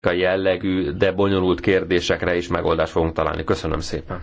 technikai jellegű, de bonyolult kérdésekre is megoldást fogunk találni. Köszönöm szépen!